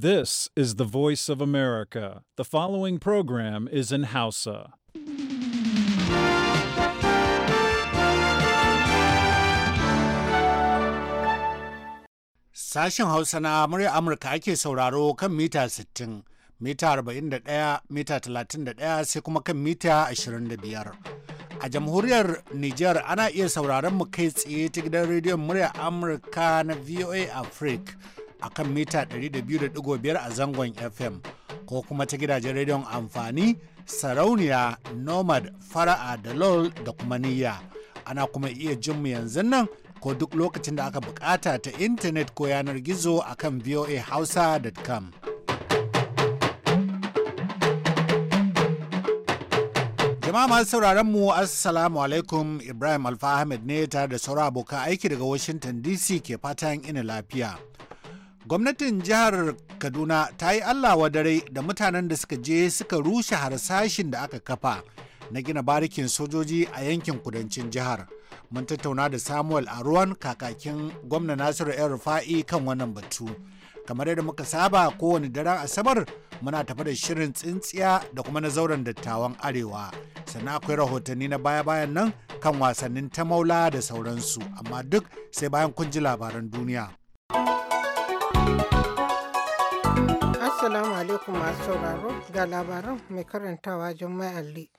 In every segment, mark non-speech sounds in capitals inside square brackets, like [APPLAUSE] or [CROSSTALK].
This is the voice of America. The following program is in Hausa. Sashen Hausa na murya Amurka ake sauraro kan mita 60, mita 41, mita 31 sai kuma kan mita 25. A jamhuriyar Nijar ana iya sauraron mu kai tsaye ta gidan rediyon murya Amurka na VOA Africa. a kan mita 200.5 a zangon FM ko kuma ta gidajen rediyon amfani sarauniya nomad fara'a da lol da kuma niyya ana kuma iya jin mu yanzu nan ko duk lokacin da aka bukata ta intanet ko yanar gizo a akan voahausa.com. jama'a masu sauraron mu assalamu alaikum ibrahim alfa ahmed ne tare da sauran abokan aiki daga washington dc ke fatan ina lafiya gwamnatin jihar kaduna ta yi allah wadare da mutanen da suka je suka rushe harsashin da aka kafa na gina barikin sojoji a yankin kudancin jihar mun tattauna da samuel aruwan kakakin gwamna nasiru yan rufa'i kan wannan batu kamar yadda muka saba kowane daren asabar muna tafi da shirin tsintsiya da kuma na zauren dattawan arewa sannan akwai rahotanni na baya-bayan nan kan wasannin ta maula da sauransu amma duk sai bayan kun ji labaran duniya Assalamu alaikum masu sauraro ga labaran mai karantawa Jummai Ali.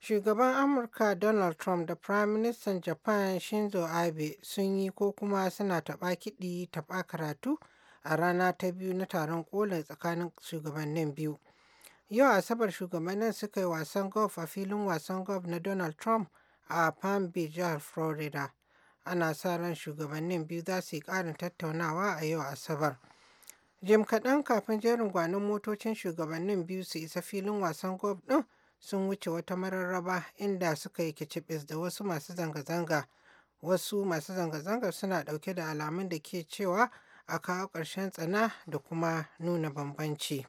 Shugaban Amurka Donald Trump da Prime Minister Japan Shinzo Abe sun yi ko kuma suna taɓa kiɗi taɓa karatu a rana ta biyu na taron ƙola tsakanin shugabannin biyu. Yau Asabar shugabannin suka yi wasan golf a filin wasan golf na Donald Trump a Palm Beach jihar Florida. Ana sa ran shugabannin biyu za su yi ƙarin tattaunawa a yau Asabar. jim kaɗan kafin jerin gwanon motocin shugabannin biyu su isa filin wasan golf ɗin sun wuce wata mararraba inda suka yi kicibis da wasu masu zanga-zanga wasu masu zanga-zanga suna ɗauke da alamun da ke cewa a kawo ƙarshen tsana da kuma nuna bambanci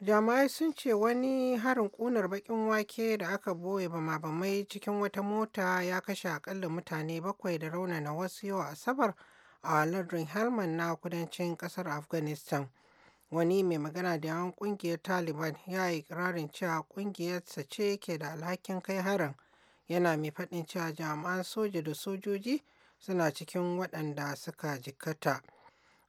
jama'ai sun ce wani harin ƙunar baƙin wake da aka boye bama-bamai cikin wata mota ya kashe akalla mutane bakwai da na wasu yau asabar. a lardin helmand na kudancin kasar afghanistan wani mai magana da yawan kungiyar taliban ya yi ikirarin cewa kungiyarsa ce ke da alhakin kai harin yana mai faɗin cewa jami'an soja da sojoji suna cikin waɗanda suka jikata.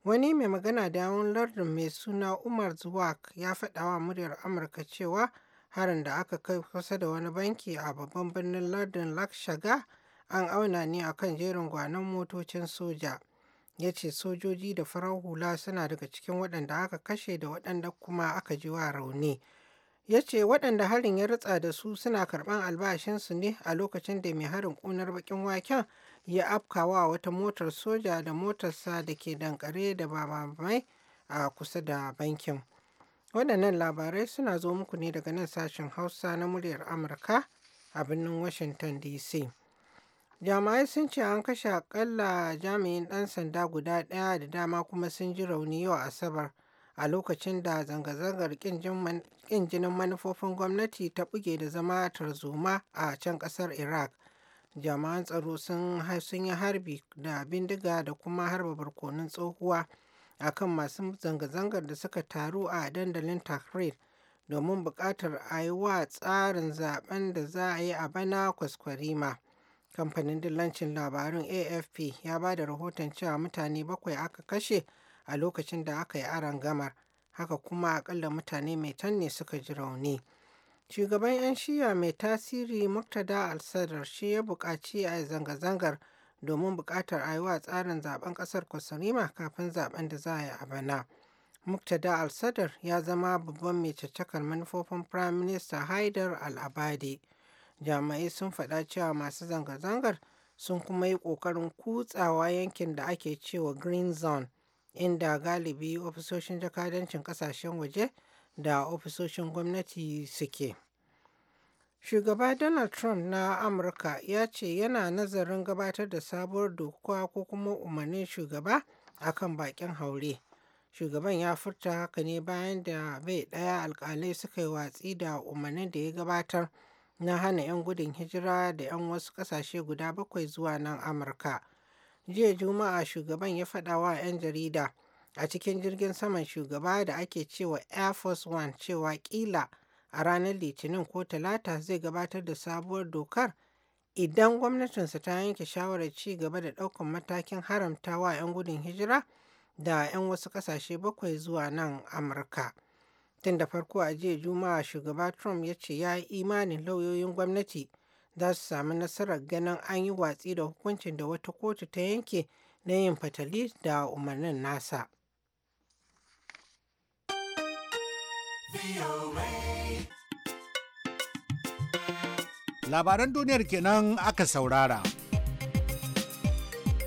wani mai magana da yawan lardin mai suna umar zuwak ya faɗa wa muryar amurka cewa harin da aka kai kusa da wani banki a babban birnin lardin lakshaga an auna ne a kan jerin gwanon motocin soja ya ce sojoji da farar hula suna daga cikin waɗanda aka kashe da waɗanda kuma aka ji wa rauni ya ce waɗanda harin ya ritsa da su suna karɓan albashinsu ne a lokacin da mai harin ƙunar baƙin waken ya afkawa wata motar soja da motarsa da ke dankare da babamai a kusa da bankin waɗannan labarai suna zo muku ne daga nan sashen hausa na muryar amurka a birnin washington dc Jami'ai sun ce an kashe akalla jami'in ɗan sanda guda ɗaya da dama kuma sun ji rauni yau Asabar a lokacin da zanga-zangar ƙin jinin manufofin gwamnati ta buge da zama tarzoma a can ƙasar Iraq. Jami'an tsaro sun yi harbi da bindiga da kuma harba barkonon tsohuwa a kan masu zanga-zangar da suka taru a dandalin Tahrir domin buƙatar a yi wa tsarin zaben da za a yi a bana kwaskwarima. Kamfanin dillancin labarun AFP ya ba da rahoton cewa mutane bakwai aka kashe a lokacin da aka yi aron-gamar, haka kuma akalla mutane tan ne suka ji rauni. Shugaban 'yan shiya mai tasiri Muktada al sadar shi ya buƙaci a zanga-zangar domin buƙatar a yi wa tsarin zaben ƙasar Kwasarima kafin zaben da za a yi a bana. Muktada al sadar ya zama babban mai caccakar manufofin Firaminista Haidar al-Abadi. jami'ai sun faɗa cewa masu zanga-zangar sun kuma yi ƙoƙarin kutsawa yankin da ake cewa green zone inda galibi ofisoshin jakadancin ƙasashen waje da ofisoshin gwamnati suke shugaba donald trump na amurka ya ce yana nazarin gabatar da sabuwar doka ko kuma umarnin shugaba a kan bakin haure shugaban ya furta haka ne bayan da bai ɗaya alkalai suka yi watsi da umarnin da ya gabatar na hana 'yan gudun hijira da 'yan wasu ƙasashe guda bakwai zuwa nan Amurka. Jiya Juma'a shugaban ya faɗa wa 'yan jarida a cikin jirgin saman shugaba da ake cewa Air Force One cewa ƙila a ranar Litinin ko Talata zai gabatar da sabuwar dokar idan gwamnatinsa ta yanke shawarar ci gaba da ɗaukar matakin haramta wa 'yan gudun hijira da 'yan wasu ƙasashe bakwai zuwa nan Amurka. Tun da farko a jiya Juma'a Shugaba Trump ya ce ya yi imanin lauyoyin gwamnati za su sami nasarar ganin an yi watsi da hukuncin da wata kotu ta yanke na yin fatali da umarnin nasa. Labaran duniyar kenan aka saurara.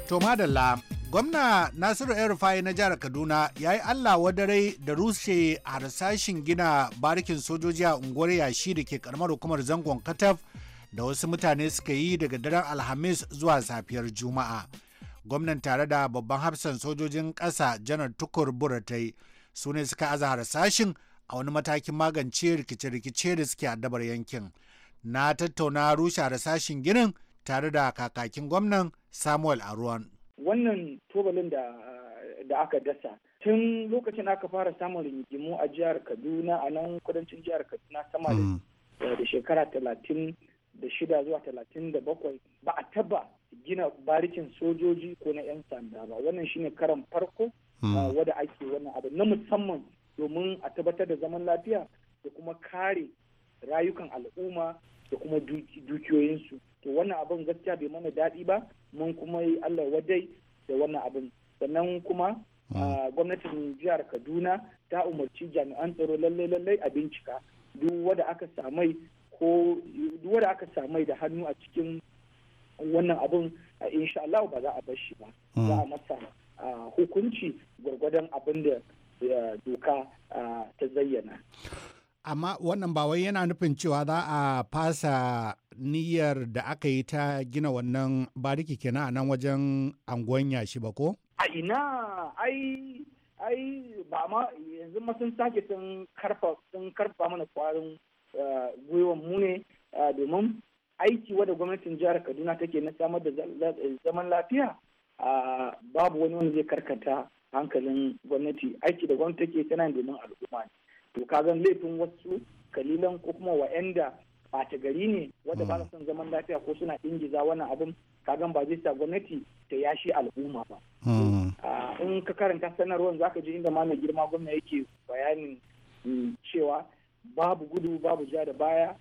To madalla. Gwamna Nasiru El-Rufai na jihar Kaduna ya yi Allah wadarai da rushe harsashin gina barikin sojoji a unguwar yashi da ke karamar hukumar zangon Kataf da wasu mutane suka yi daga daren Alhamis zuwa safiyar Juma'a. Gwamnan tare da babban hafsan sojojin ƙasa janar Tukur Buratai su ne suka aza harsashin a wani matakin magance rikice-rikice da suke addabar yankin. Na tattauna rushe harsashin ginin tare da kakakin gwamnan Samuel Aruwan. wannan tubalin da da aka dasa tun lokacin aka fara samun rigimu a jihar kaduna a nan kudancin jihar kaduna sama hmm. da shekara talatin da shida zuwa talatin da bakwai ba a taba gina barikin sojoji ko na 'yan sanda ba wannan shine karan farko hmm. ah, wadda ake wannan abu na musamman domin a tabbatar da zaman lafiya da kuma kare rayukan al'umma da kuma dukiyoyinsu to wannan abin gaskiya bai mana daɗi ba mun kuma yi allah wadai da wannan abin sannan kuma mm. gwamnatin jihar kaduna ta umarci jami'an tsaro lallai lallai a bincika duk wanda aka samai ko duk wanda aka samai da hannu a cikin wannan abin insha Allah ba za a bar shi ba mm. za a masa hukunci gwargwadon abin da doka ta zayyana amma wannan ba wai yana nufin cewa za a fasa niyyar da aka yi ta gina wannan bariki kenan a nan wajen anguwan yashi ba ko? A ina ai ai ba ma yanzu ma sun sake sun karfa mana kwarin eh, gwiwan mu ne eh, domin aiki wadda gwamnatin jihar Kaduna take na samar da zaman lafiya babu wani wanda zai karkata hankalin gwamnati aiki da gwamnati take tana domin al'umma ne to ka zan laifin wasu kalilan ko kuma wa'anda ɓata gari ne wanda ba hmm. son zaman lafiya ko suna ingiza wannan abin kagan ba zai sa gwamnati ta yashi al'umma ba. Hmm. In ka karanta sanarwar zaka ji inda ma girma gwamna yake bayanin hmm, cewa babu gudu babu ja da baya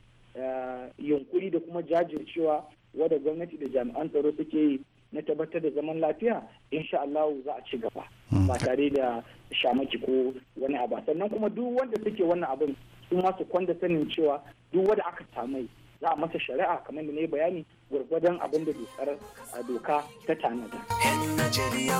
yunkuri da kuma jajircewa wadda gwamnati da jami'an tsaro suke yi na tabbatar da zaman lafiya insha Allah za a ci gaba ba tare da shamaki ko wani abu sannan kuma duk wanda suke wannan abin su ma su kwanda sanin cewa duk wanda aka samu za a masa shari'a kamar da ne bayani gwargwadon abin da dokar a doka ta tanada. Yan Najeriya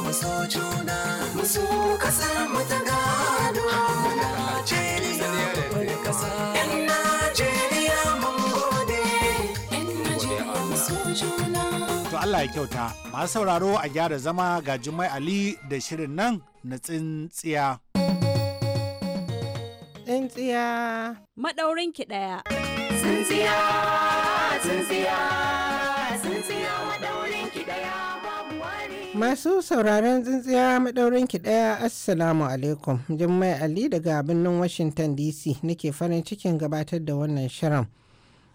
To Allah ya kyauta, masu sauraro a gyara zama ga Jummai Ali da shirin nan na tsintsiya. Tsintsiya. Maɗaurinki ɗaya. tsintsiya tsintsiya tsintsiya madaurin ki masu sauraron tsintsiya madaurin ki daya assalamu alaikum jummai ali daga birnin washington dc nake farin cikin gabatar da wannan shirin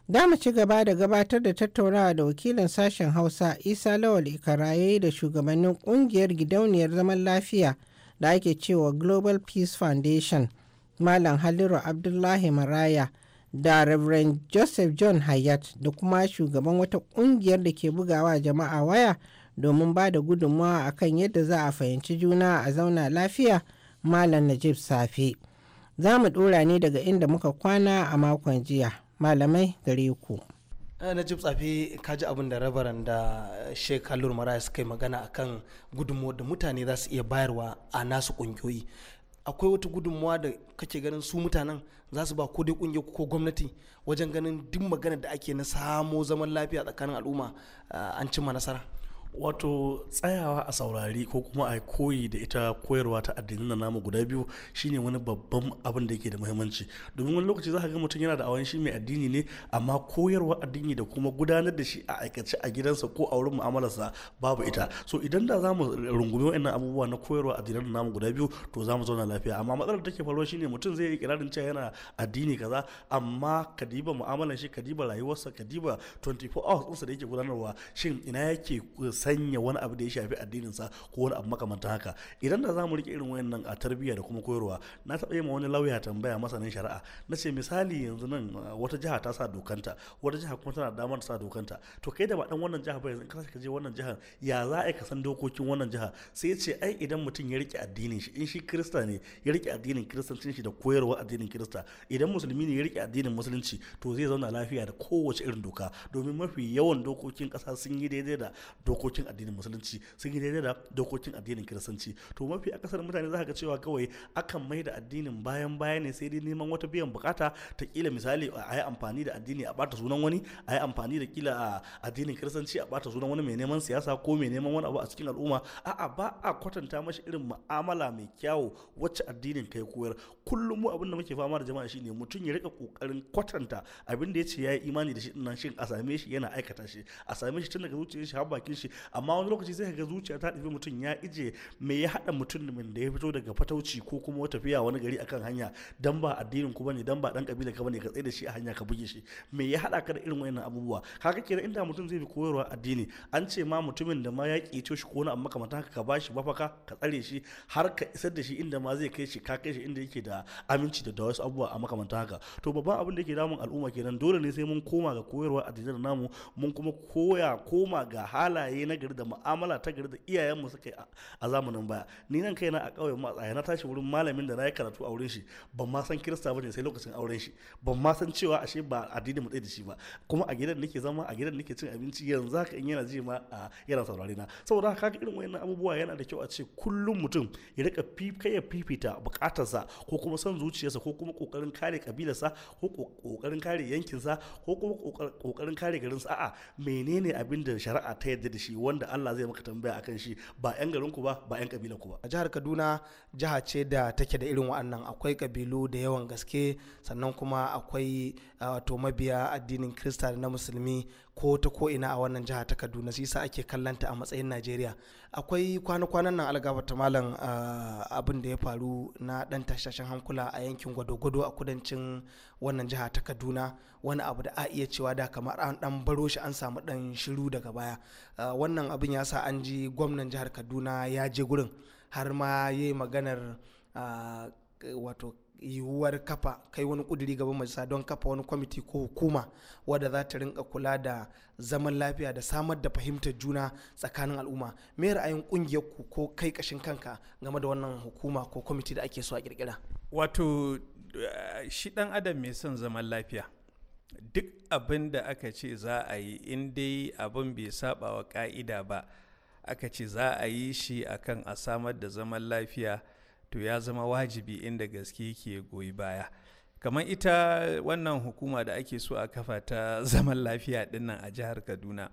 Da mu ci gaba da gabatar da tattaunawa da wakilin sashen Hausa Isa Lawal Ikaraye da shugabannin ƙungiyar gidauniyar zaman lafiya da ake cewa Global Peace Foundation, Malam Haliru Abdullahi Maraya da Reverend Joseph John Hayat da kuma shugaban wata kungiyar da ke bugawa jama'a waya domin ba da gudunmawa akan yadda za a fahimci juna a zauna lafiya Malam Najib Safi. Za mu ɗora ne daga inda muka kwana a makon jiya. Malamai gare ku. Eh, najib tsafi ka ji abin da rabaran da eh, shekalur mara maraya suka yi magana akan gudunmawar da mutane za su iya bayarwa a nasu ƙungiyoyi akwai wata gudunmawa da kake ganin su mutanen za su ba ko dai kungiyar ko gwamnati wajen ganin duk magana da ake na samo zaman lafiya tsakanin al'umma ah, an cimma nasara wato tsayawa a saurari ko kuma a koyi da ita koyarwa ta addinin na namu guda biyu shine wani babban abin da yake da muhimmanci domin wani lokaci za ka ga mutum yana da awan shi mai addini ne amma koyarwa addini da kuma gudanar da shi a aikace a gidansa ko a wurin mu'amalarsa babu ita so idan da za mu rungumi wa'annan abubuwa na koyarwa addinin na namu guda biyu to za mu zauna lafiya amma matsalar da take faruwa shine mutum zai yi kirarin cewa yana addini kaza amma kadiba mu'amalar shi kadiba rayuwarsa kadiba 24 hours ɗinsa da yake gudanarwa shin ina yake eh, sanya wani abu da ya shafi addininsa ko wani abu makamantan haka idan da zamu rike irin wayannan a tarbiyya da kuma koyarwa na taɓa yi ma wani lauya tambaya masanin shari'a na ce misali yanzu nan ah, wata jiha ta sa dokanta wata jiha kuma tana damar sa dokanta to kai da ba dan wannan jiha ba yanzu ka ka je wannan jiha ya za a ka san dokokin wannan jiha sai ce ai idan mutum ya rike addinin shi in shi kirista ne ya rike addinin kiristancin shi da koyarwa addinin kirista idan musulmi ne ya rike addinin musulunci to zai zauna lafiya da kowace irin doka domin mafi yawan dokokin ƙasa sun yi daidai da dokokin dokokin addinin musulunci sun yi daidai da dokokin addinin kiristanci to mafi akasar mutane za ka cewa kawai akan mai da addinin bayan baya ne sai dai neman wata biyan bukata ta kila misali a yi amfani da addini a bata sunan wani a yi amfani da kila a addinin kiristanci a bata sunan wani mai neman siyasa ko mai neman wani abu a cikin al'umma a'a ba a kwatanta mashi irin mu'amala mai kyawu wacce addinin kai koyar kullum mu abin da muke fama da jama'a shine mutum ya rika kokarin kwatanta abin da ya yi imani da shi din nan shin a same shi yana aikata shi a same shi tun daga zuciyar shi har bakin shi amma wani lokaci sai ga zuciya ta ɗabi mutum ya ije me ya haɗa mutumin da ya fito daga fatauci ko kuma tafiya wani gari akan hanya dan ba addinin ku bane dan ba dan kabila ka bane ka tsaye da shi a hanya ka buge shi me ya hada ka da irin wayannan abubuwa kaga kira inda mutum zai bi koyarwa addini an ce ma mutumin da ma ya kice shi ko wani amma kamata haka ka bashi mafaka ka tsare shi har ka isar da shi inda ma zai kai shi ka kai shi inda yake da da aminci da wasu abubuwa a makamanta haka to babban abin da ke damun al'umma kenan dole ne sai mun koma ga koyarwa a addinin namu mun kuma koya koma ga halaye na gari da mu'amala ta gari da iyayenmu suka yi a zamanin baya ni nan na a ƙauyen matsaya na tashi wurin malamin da na yi karatu a wurin shi ban ma san kirista ba ne sai lokacin auren shi ban ma san cewa ashe ba addini mu ɗaya da shi ba kuma a gidan nake zama a gidan nake cin abinci yanzu haka in yana ji ma a yana saurare na saboda haka kaga irin wayannan abubuwa yana da kyau a ce kullum mutum ya rika kai ya fifita bukatarsa ko kuma son zuciyarsa ko kuma kokarin kare kabilarsa ko kokarin kare yankinsa ko kuma kokarin kare garinsa a'a menene abin da shari'a ta yadda da shi wanda Allah zai maka tambaya kan shi ba yan garinku ba ba yan kabilarku ba a jihar Kaduna jiha ce da take da irin wa'annan akwai kabilu da yawan gaske sannan kuma akwai wato mabiya addinin Kirista na musulmi ko ta ko ina a wannan jiha ta kaduna shi yasa ake kallanta a matsayin najeriya akwai kwana-kwanan nan algabata malam ah, abin da ya faru na dan tashashen hankula a yankin gwado-gwado a kudancin wannan jihar ta kaduna wani abu da a iya cewa da kamar an dan baro shi an samu dan shiru daga baya ah, wannan abin ya sa an ji gwamnan jihar kaduna ya je gurin har ma ya yi maganar ah, wato yiwuwar kafa kai wani kuduri gaban majalisa don kafa wani kwamiti ko hukuma wadda za ta rinka kula da zaman lafiya da samar da fahimtar juna tsakanin al'umma me ra'ayin kungiyar ku ko kai kashin kanka game da wannan hukuma ko kwamiti da ake so a kirkira wato eh, shi dan adam mai son zaman lafiya duk abin da aka ce za a yi in dai abin bai saba wa ka'ida ba aka ce za a yi shi akan a samar da zaman lafiya to ya zama wajibi inda gaske ke goyi baya kamar ita wannan hukuma da ake so a kafa ta [LAUGHS] zaman lafiya dinnan a jihar kaduna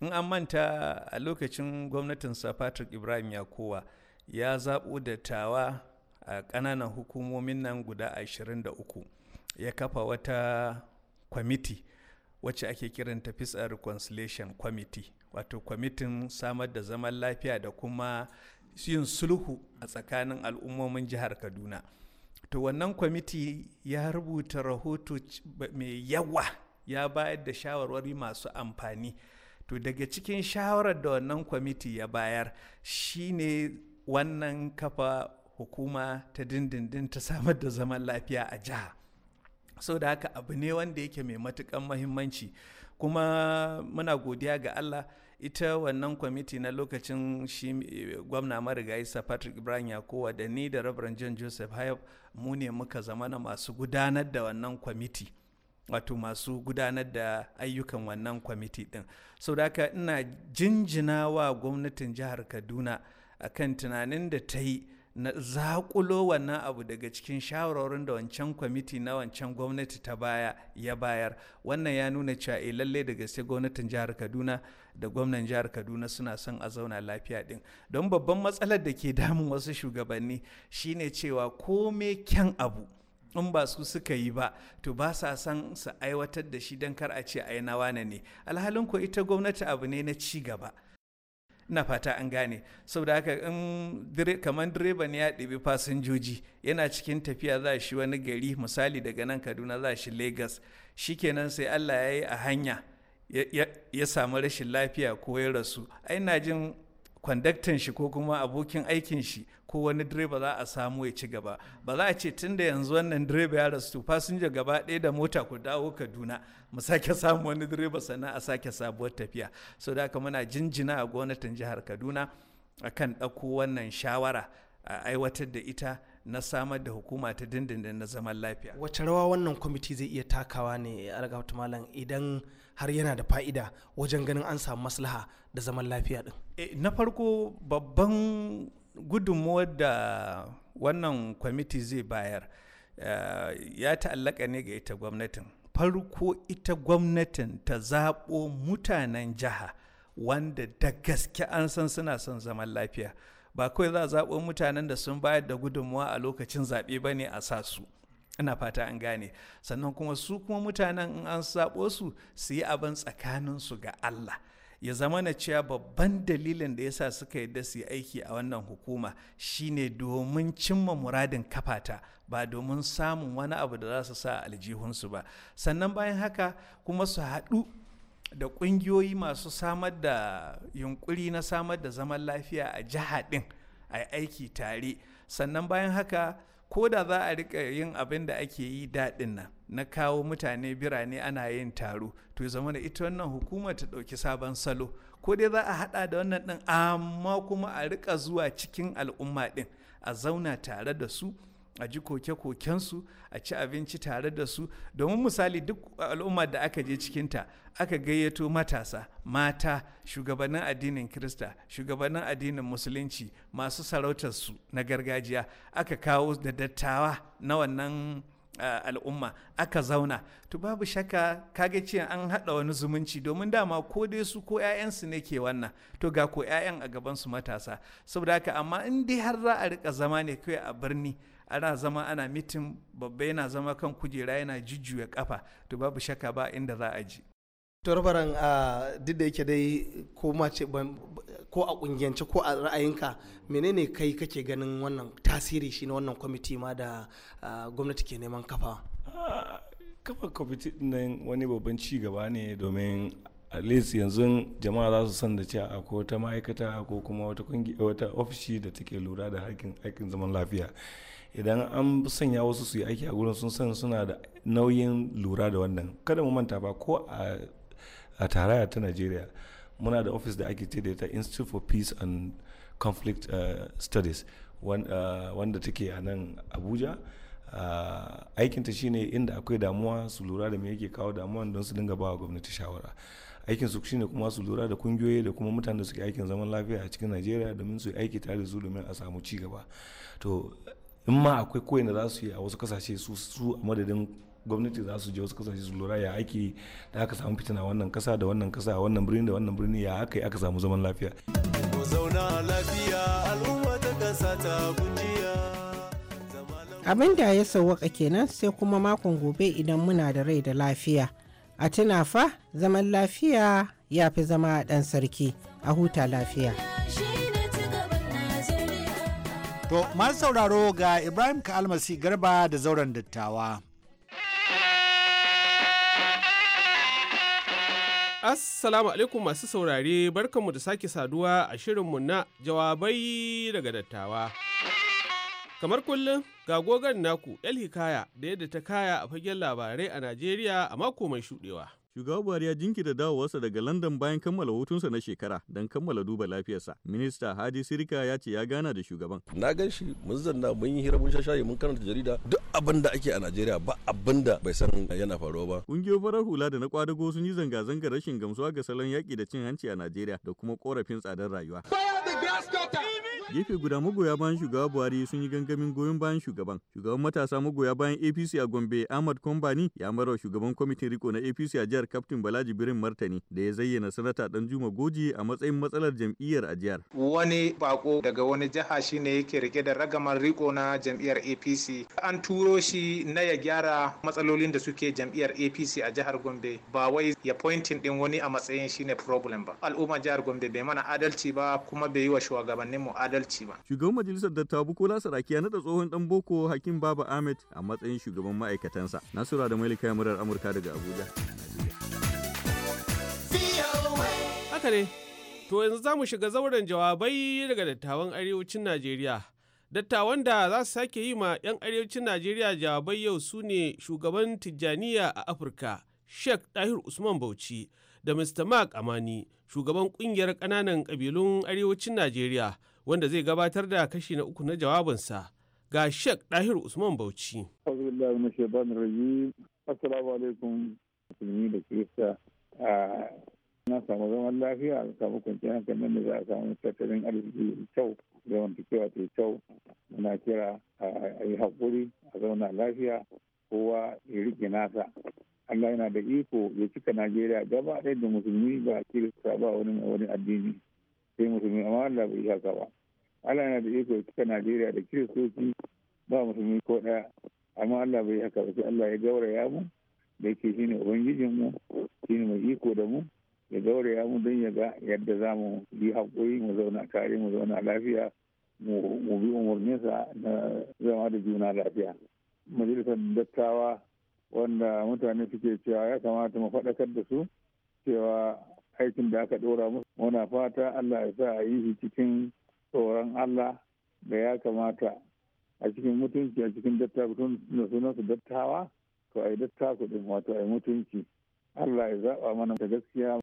in an manta a lokacin gwamnatin sir patrick ibrahim yakowa ya zaɓo dattawa a ƙananan hukumomin nan guda 23 ya kafa wata kwamiti wacce ake kiranta peace and reconciliation committee wato kwamitin samar da zaman lafiya da kuma yin sulhu a tsakanin al'ummomin jihar kaduna to wannan kwamiti ya rubuta rahoto mai yawa ya bayar da shawarwari masu amfani to daga cikin shawarar da wannan kwamiti ya bayar shine wannan kafa hukuma ta dindindin ta samar da zaman lafiya a jiha sau da haka abu ne wanda yake mai matukan mahimmanci kuma muna godiya ga allah ita wannan kwamiti na lokacin shi eh, gwamna marigayi sir patrick ibrahim yakowa da ni da reverend john joseph hayab mu ne muka zama na masu gudanar da wannan kwamiti wato masu gudanar da ayyukan wannan kwamiti din sau da haka ina jinjina wa gwamnatin jihar kaduna akan tunanin da ta yi na zakulo wannan abu daga cikin shawarorin da wancan kwamiti na wancan gwamnati ta baya ya bayar wannan ya nuna cewa eh, lalle da gaske gwamnatin jihar kaduna da gwamnan jihar kaduna suna son a zauna lafiya din don babban matsalar da ke damun wasu shugabanni shine cewa kome kyan abu in ba su suka yi ba to ba sa san su aiwatar da shi don kar a ce a yi nawa ne alhalin ko ita gwamnati abu ne na ci gaba na fata an gane saboda haka in kamar direban ne ya ɗibi fasinjoji yana cikin tafiya za shi wani gari misali daga nan kaduna za shi lagos shikenan sai allah ya yi a hanya ya samu rashin lafiya ko ya rasu ai ina jin kwandaktan shi ko kuma abokin aikin shi ko wani direba za a samu ya ci gaba ba za a ce tun da yanzu wannan direba ya rasu fasinja gaba ɗaya da mota ku dawo kaduna mu sake samu wani direba sannan a sake sabuwar tafiya so da haka muna jinjina a gwamnatin jihar kaduna akan ɗauko wannan shawara a aiwatar da ita na samar da hukuma ta dindindin na zaman lafiya wace rawa wannan kwamiti zai iya takawa ne algautu malam idan har yana da fa'ida wajen ganin an samu maslaha da zaman lafiya din eh, na farko babban gudunmuwar da wannan kwamiti zai bayar eh, ya ta'allaka ne ga ita gwamnatin farko ita gwamnatin ta zaɓo mutanen jiha wanda da gaske an san suna son zaman lafiya ba kawai za a zaɓo mutanen da sun bayar da gudunmuwa a lokacin zaɓe ba ne a sa su ina fata an gane sannan kuma su kuma mutanen in an sabo su su yi abin tsakaninsu ga Allah ya zama na cewa babban dalilin da yasa suka yadda su yi aiki a wannan hukuma shine domin cimma muradin kafata ba domin samun wani abu da za su sa aljihunsu ba sannan bayan haka kuma su haɗu da ƙungiyoyi masu samar da yunkuri na samar da zaman lafiya a jiha ɗin a aiki tare sannan bayan haka ko da za a rika yin abin da ake yi daɗin nan na kawo mutane birane ana yin taro to ya zama da ita wannan hukumar ta ɗauki sabon salo ko dai za a haɗa da wannan ɗin amma kuma a rika zuwa cikin al'umma ɗin a zauna tare da su a ji koke-kokensu a ci abinci tare da su domin misali duk al'ummar da aka je cikinta aka gayyato matasa mata shugabannin addinin krista shugabannin addinin musulunci masu sarautarsu na gargajiya aka kawo da dattawa na wannan al'umma aka zauna to babu shakka kage ce an haɗa wani zumunci domin dama ko dai su ko 'ya'yansu ne ke wannan to ga ko 'ya'yan a gabansu matasa saboda haka amma in dai har za a rika zama ne kawai a birni ana zama ana mitin babba yana zama kan kujera yana jujjuya kafa to babu shakka ba inda za a ji turbaran uh, duk da yake dai ko a kungiyance ko a ra'ayinka menene kai kake ganin wannan tasiri shi na wannan kwamiti ma da uh, gwamnati ke neman kafa ah, kafa kwamiti nan wani babban ci gaba ne domin at least yanzu jama'a za su san da cewa akwai wata ma'aikata ko kuma wata ofishi da take lura da aikin zaman lafiya idan an sanya wasu su yi aiki a gurin sun san suna da nauyin lura da wannan kada mu manta ba ko a taraya ta nigeria muna da ofis da ake ce da ta institute for peace and conflict eh, studies eh, wanda take a nan abuja eh, aikinta shine inda akwai damuwa su lura da me yake kawo damuwa don su dinga bawa gwamnati shawara aikin su shine kuma su lura da kungiyoyi da kuma mutanen da suke aikin zaman lafiya a cikin nigeria domin su aiki tare da su domin a samu ci gaba to in ma akwai koyin da za su yi a wasu kasashe su su a madadin gwamnati za su je wasu kasashe su lura ya ake da aka samu fitina wannan kasa da wannan kasa wannan birni da wannan birni ya aka yi aka samu zaman lafiya zauna lafiya al'umma ta kasa ta abin da ya sauwaka kenan sai kuma makon gobe idan muna da rai da lafiya a tuna fa zaman lafiya ya fi zama ɗan sarki a huta lafiya. To masu sauraro ga Ibrahim Ka'almasi Garba da zauren dattawa. Assalamu alaikum masu saurare barkanmu da sake saduwa a shirinmu na jawabai daga dattawa. Kamar kullum ga gogon naku El Hikaya da yadda ta kaya a fagen labarai a Najeriya a mako mai shuɗewa. Shugaba Buhari ya jinkirta dawowarsa daga London bayan kammala hutunsa na shekara don kammala duba lafiyarsa. Minista Hadi Sirika ya ce ya gana da shugaban. Na gan shi mun zanna mun yi hira mun shashaye mun karanta jarida duk abin da ake a Najeriya ba abin da bai san yana faruwa ba. Kungiyoyin farar hula da na kwadago sun yi zanga zanga rashin gamsuwa ga salon yaƙi da cin hanci a Najeriya da kuma korafin tsadar rayuwa. Fire the grass cutter! gefe guda magoya bayan shugaba buhari sun yi gangamin goyon bayan shugaban shugaban matasa magoya bayan apc a gombe ahmad kombani ya marar shugaban kwamitin riko na apc a jihar kaftin balaji birin martani da ya zayyana sanata danjuma goji a matsayin matsalar jam'iyyar a jihar wani bako daga wani jiha shine yake rike da ragamar riko na jam'iyyar apc an turo shi na ya gyara matsalolin da suke jam'iyyar apc a jihar gombe ba wai ya pointin din wani a matsayin shine problem ba al'umma jihar gombe bai mana adalci ba kuma bai yi wa shugabanninmu adalci adalci ba. Shugaban majalisar dattawa Bukola Saraki na naɗa tsohon ɗan boko Hakim Baba Ahmed a matsayin shugaban ma'aikatansa. Nasura da Malika Murar Amurka daga Abuja. Haka ne, to yanzu za mu shiga zauren jawabai daga dattawan arewacin Najeriya. Dattawan da za su sake yi ma 'yan arewacin Najeriya jawabai yau su ne shugaban Tijjaniya a Afirka, Sheikh ɗahir Usman Bauchi da Mr. Mark Amani, shugaban kungiyar ƙananan kabilun arewacin Najeriya wanda zai gabatar da kashi na uku na jawabinsa ga Sheikh Dahir Usman Bauchi. Assalamu alaikum musulmi da Kirista. Ah, na samu zaman lafiya a samu kwanciyar hankalin da za a samu tattalin arziki kyau zamantakewa ta kyau muna kira a yi haƙuri a zauna lafiya kowa ya rike nasa Allah yana da iko ya cika Najeriya gaba ɗaya da musulmi ba kirista ba wani addini sai musulmi amma Allah bai haka ba Allah yana da iko cikin Najeriya da Kiristoci ba musulmi ko ɗaya amma Allah bai haka ba sai Allah ya gauraya mu da yake shine ubangijin mu shine mai iko da mu ya gauraya mu don ya ga yadda za mu yi haƙuri mu zauna tare mu zauna lafiya mu bi umarninsa na zama da juna lafiya majalisar dattawa wanda mutane suke cewa ya kamata mu faɗakar da su cewa aikin da aka ɗora musu muna fata Allah ya sa a yi shi cikin tsoron Allah da ya kamata a cikin mutunci a cikin dattawa da su dattawa to a yi dattawa din wato a yi mutunci Allah ya zaɓa mana da gaskiya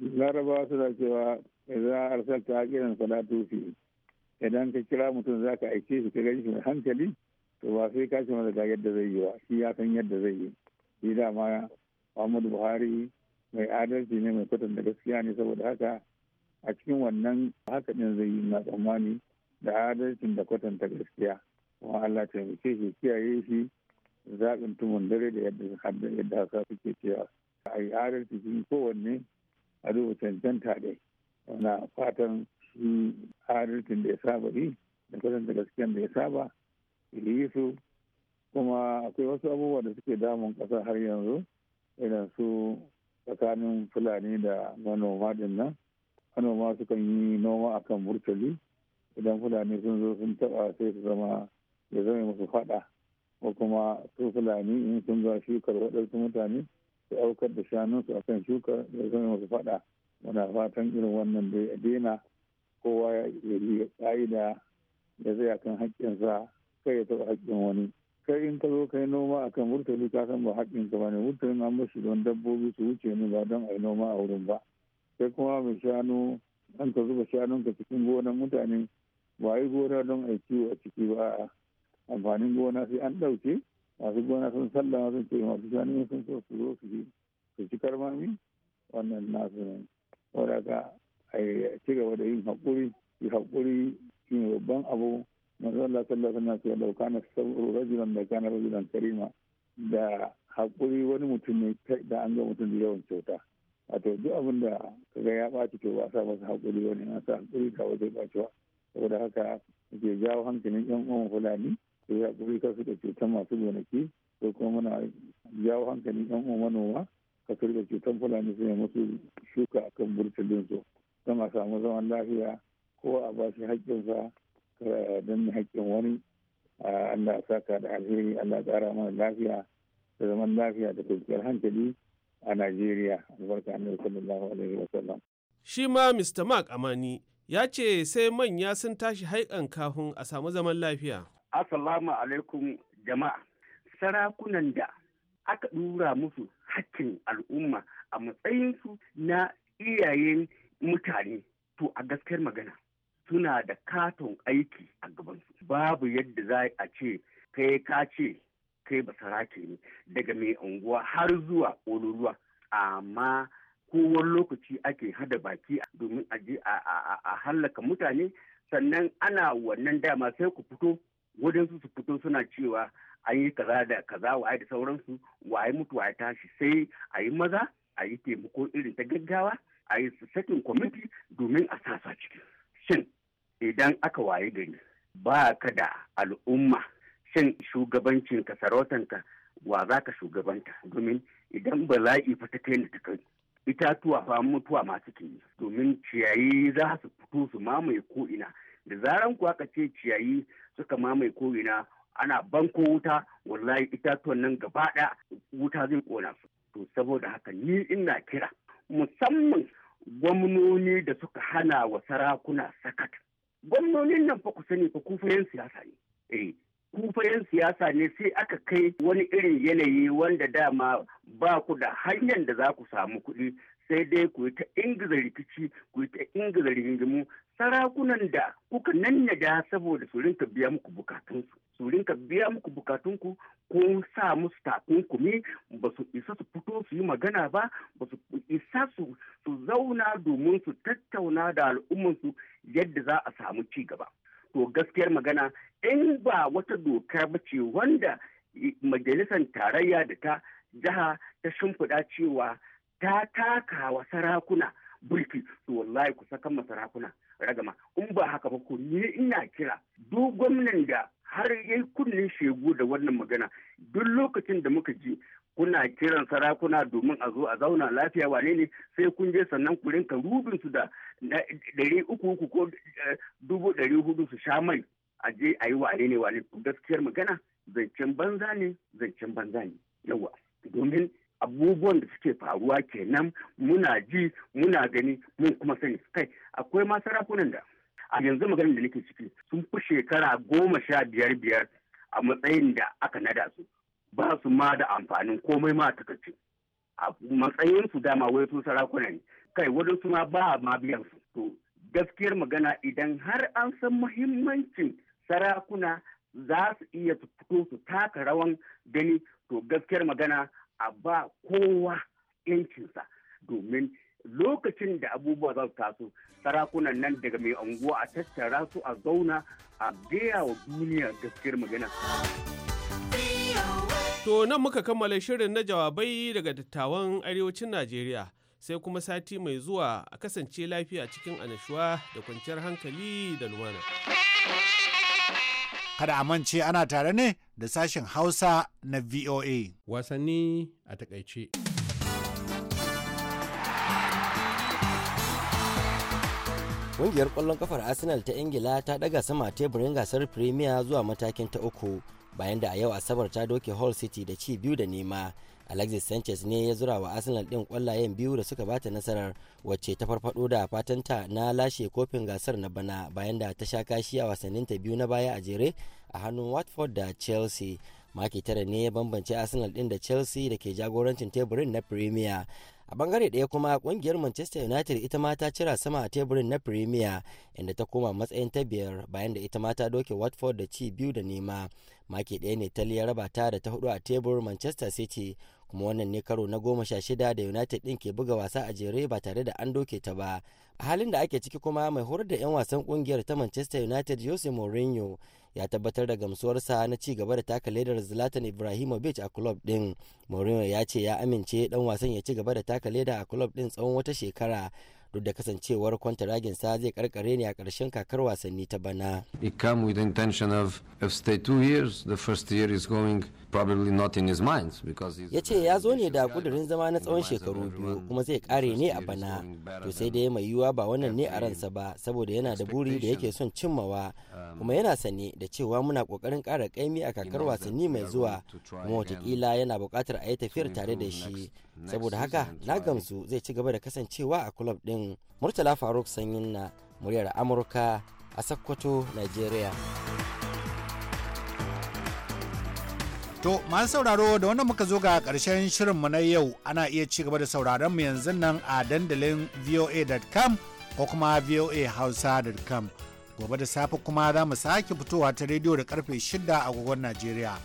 larabawa suna cewa idan ta kiran salatu fi idan ka kira mutum za ka aike su ka gani shi hankali to ba sai ka ce ga yadda zai yi ba shi ya san yadda zai yi shi dama Muhammadu Buhari mai adalci ne mai kwatanta gaskiya ne saboda haka a cikin wannan haka ɗin zai yi na tsammani da adalcin da kwatanta gaskiya kuma Allah ta taimake shi kiyaye shi zaɓin tumun dare da yadda yadda haka suke cewa a yi adalci cikin kowanne a duba cancanta dai wana fatan shi adalcin da ya saba yi da kwatanta gaskiyan da ya saba yi su kuma akwai wasu abubuwa da suke damun ƙasa har yanzu irin su tsakanin fulani da manoma din nan manoma sukan yi noma akan burtali idan fulani sun zo sun taba sai su zama ya zama musu fada ko kuma su fulani in sun zo shukar waɗansu mutane su aukar da shanunsu kan shukar ya zama musu fada muna fatan irin wannan da ya daina kowa ya yi ƙa'ida ya zai kan haƙƙinsa kai ya taɓa haƙƙin wani kai in ka zo ka noma a kan murtali ka san ba haƙƙinka ba ne murtalin an bashi don dabbobi su wuce ni ba don a yi noma a wurin ba sai kuma mai shanu an ka zuba shanunka cikin gonan mutane ba yi gona don a kiwo a ciki ba amfanin gona sai an ɗauke masu gona sun sallama sun ce masu shanu sun so su zo su su ci karmami wannan nasu ne saboda a yi ci gaba da yin haƙuri yi haƙuri shi ne babban abu masu Allah sallallahu alaihi wasallam ya dauka na rajulan da kana rajulan karima da haƙuri wani mutum ne da an ga mutum da yawan kyauta wato duk abin da kaga ya ɓaci to ba sa masa haƙuri wani na sa haƙuri ka wajen ɓacewa saboda haka ke jawo hankalin yan uwan fulani ko ya ƙuri kasu da cutar masu gonaki ko kuma muna jawo hankalin yan uwan manoma kasu da cutar fulani su musu shuka kan burtulin su don a samu zaman lafiya ko a ba shi haƙƙinsa don haƙƙin wani Allah saka da alheri Allah ƙara mana lafiya da zaman lafiya da kwanciyar hankali a Najeriya albarka Annabi sallallahu alaihi wasallam. Shi ma Mr. Mark Amani ya ce sai manya sun tashi haikan kafin a samu zaman lafiya. Assalamu alaikum jama'a. Sarakunan da aka ɗura musu hakkin al'umma a matsayinsu na iyayen mutane to a gaskiyar magana suna da katon aiki a gabansu. Babu yadda za a ce kai ka ce kai ba basarake ne daga mai unguwa har zuwa ƙololuwa amma kowane lokaci ake hada baki domin a je a hallaka mutane sannan ana wannan dama sai ku fito wadansu su fito suna cewa an yi kaza da kaza wa da sauransu wa mutu wa tashi sai a yi maza a yi taimako irin ta gaggawa a yi sakin kwamiti domin a sasa ciki shin idan aka waye gari ba ka da al'umma cin shugabancinka ka wa za ka shugabanta domin idan bala'i fa ta kai ta kai itatuwa fa mutuwa masu kinyi domin ciyayi za su fito su mamaye ko'ina da zaran ku aka ce ciyayi suka mamaye ko'ina ana banko wuta wallahi itatuwan nan gaba ɗaya wuta zai kona su to saboda haka ni ina kira musamman gwamnoni da suka hana wa sarakuna sakat gwamnonin nan fa ku sani fa kufayen siyasa ne eh kufayen siyasa ne sai aka kai wani irin yanayi wanda dama ba ku da hanyar da za ku samu kuɗi sai dai ku yi ta ingiza rikici ku yi ta ingiza rigingimu sarakunan da kuka da saboda su rinka biya muku bukatunsu su rinka biya muku bukatunku ko sa musu takunkumi ba su isa su fito su yi magana ba ba su isa su zauna domin su tattauna da al'ummansu yadda za a samu ci gaba to gaskiyar magana in ba wata doka ba ce wanda majalisar tarayya da ta jiha ta shimfiɗa cewa ta taka wa sarakuna burki to wallahi ku saka ma sarakuna ragama in ba haka ba ku ni ina kira duk gwamnan da har yayi kunnen shegu da wannan magana duk lokacin da muka je. kuna kiran sarakuna domin a zo a zauna lafiya wane ne sai kun je sannan ku rinka rubin su da ɗari uku uku ko eh, dubu ɗari hudu su sha mai a je a yi wane ne wane gaskiyar magana zancen banza ne zancen banza ne yawa domin abubuwan da suke faruwa kenan muna ji muna gani mun kuma sani kai akwai ma sarakunan da a yanzu maganin da nake ciki sun fi shekara goma sha biyar biyar a matsayin da aka nada su ba su ma da amfanin komai ma kace a matsayinsu dama wai su sarakuna ne kai wadansu ma ba ma biyan su to gaskiyar magana idan har an san muhimmancin sarakuna za su iya fito su taka rawan gani to gaskiyar magana a ba kowa yancinsa domin lokacin da abubuwa za su taso sarakunan nan daga mai unguwa a tattara su a zauna a gaya wa duniya gaskiyar magana. To nan muka kammala shirin na jawabai daga dattawan arewacin Najeriya sai kuma sati mai zuwa a kasance lafiya cikin anashuwa da kwanciyar hankali da lumana. Kada a mance ana tare ne da sashen Hausa na VOA. Wasanni a takaice. Ƙungiyar ƙwallon kafar Arsenal ta Ingila ta ɗaga sama teburin gasar Premier zuwa matakin ta uku. bayan da a yau asabar ta doke hall city da ci biyu da nema alexis sanchez ne ya zura wa arsenal din kwallayen biyu da suka bata nasarar wacce ta farfado da fatanta na lashe kofin gasar na bana bayan da ta sha kashi a wasannin ta biyu na baya a jere a hannun watford da chelsea maki tara ne ya bambance arsenal din da chelsea da ke jagorancin teburin na premier a bangare ɗaya kuma kungiyar manchester united ita ma ta cira sama a teburin na premier inda ta koma matsayin ta biyar bayan da ita ma ta doke watford da ci biyu da nema maki ɗaya ne ta liya raba ta da ta hudu a teburin manchester city kuma wannan ne karo na goma sha shida da united ɗin ke buga wasa a jere ba tare da an doke ta ba a halin da ake ciki kuma mai horar da 'yan wasan kungiyar ta manchester united jose mourinho ya tabbatar da gamsuwarsa na ci gaba da taka ledar Zlatan Ibrahimovic a club din. Mourinho ya ce ya amince dan wasan ya ci gaba da taka leda a club din tsawon wata shekara duk da kasancewar sa zai karkare ne a karshen kakar wasanni ta bana. It come with intention of, of stay two years, the first year is going ya ce ya zo ne da kudurin zama na tsawon shekaru biyu kuma zai kare ne a bana to sai dai mai yiwuwa ba wannan ne a ransa ba saboda yana da buri da yake son cimmawa kuma yana sani da cewa muna kokarin kara kaimi a kakar wasanni mai zuwa kuma watakila yana bukatar a yi tafiyar tare da shi saboda haka na gamsu zai ci gaba da kasancewa a kulob din murtala faruk sanyin na muryar amurka a sakkwato nigeria To masu sauraro da wanda muka zo ga ƙarshen shirinmu na yau ana iya ci gaba da sauraron mu yanzu nan a dandalin voa.com ko kuma voahausa.com. Gobe da safe kuma za mu sake fitowa ta rediyo da karfe 6 a agogon Najeriya.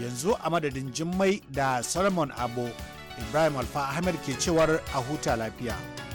Yanzu a madadin Jummai da Solomon Abo, Ibrahim Alfa Ahmed ke cewar a huta lafiya.